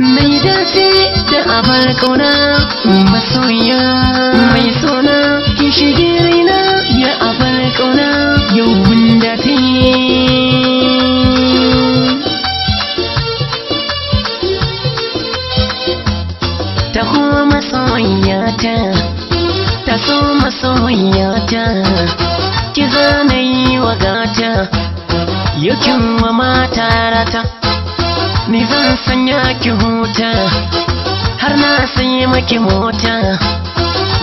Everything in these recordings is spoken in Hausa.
mai dafe da abar kauna masoya mai sona ki shige raina ya abar yau ta ta kuma masoya ta ta so masoya ta ki zanayi wa gata yakin wa mata rata ni zan sanya ki huta har na sanya maki mota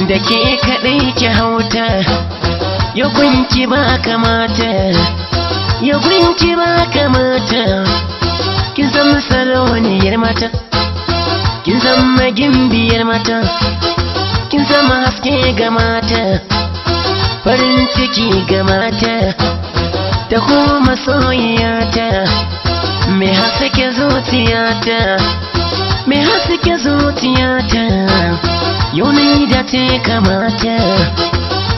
da ke kaɗai ki hauta ya gunki ba kamata ya gunki ba kamata kin zama saloniyar yarmata, kin zama gimbiyar yarmata, kin zama haske ga mata farin ciki ga mata da kuma soyayya ta mai haske zuciyata mai haske zuciyata yau na yi dace kamata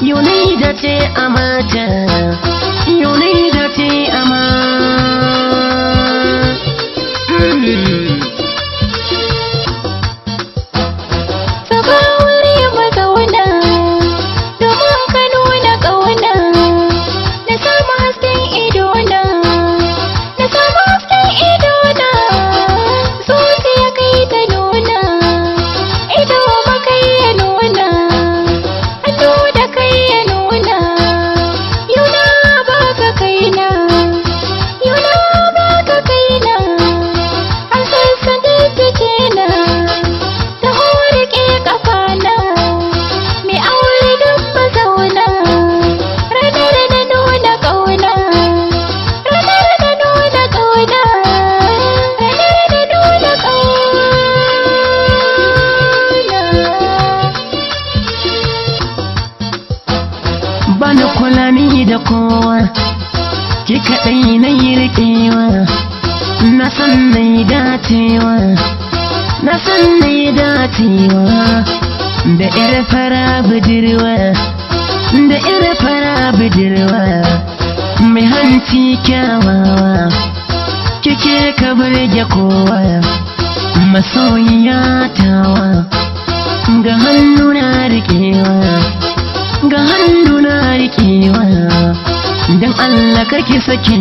yau na yi amata kula ni da kowa ki kaɗai na yi riƙewa na san na da dacewa na san na da dacewa da iri fara budurwa da iri fara budurwa mai hanci kyawawa kike ka burge kowa masoyiya tawa ga hannuna na riƙewa sucker, you switching.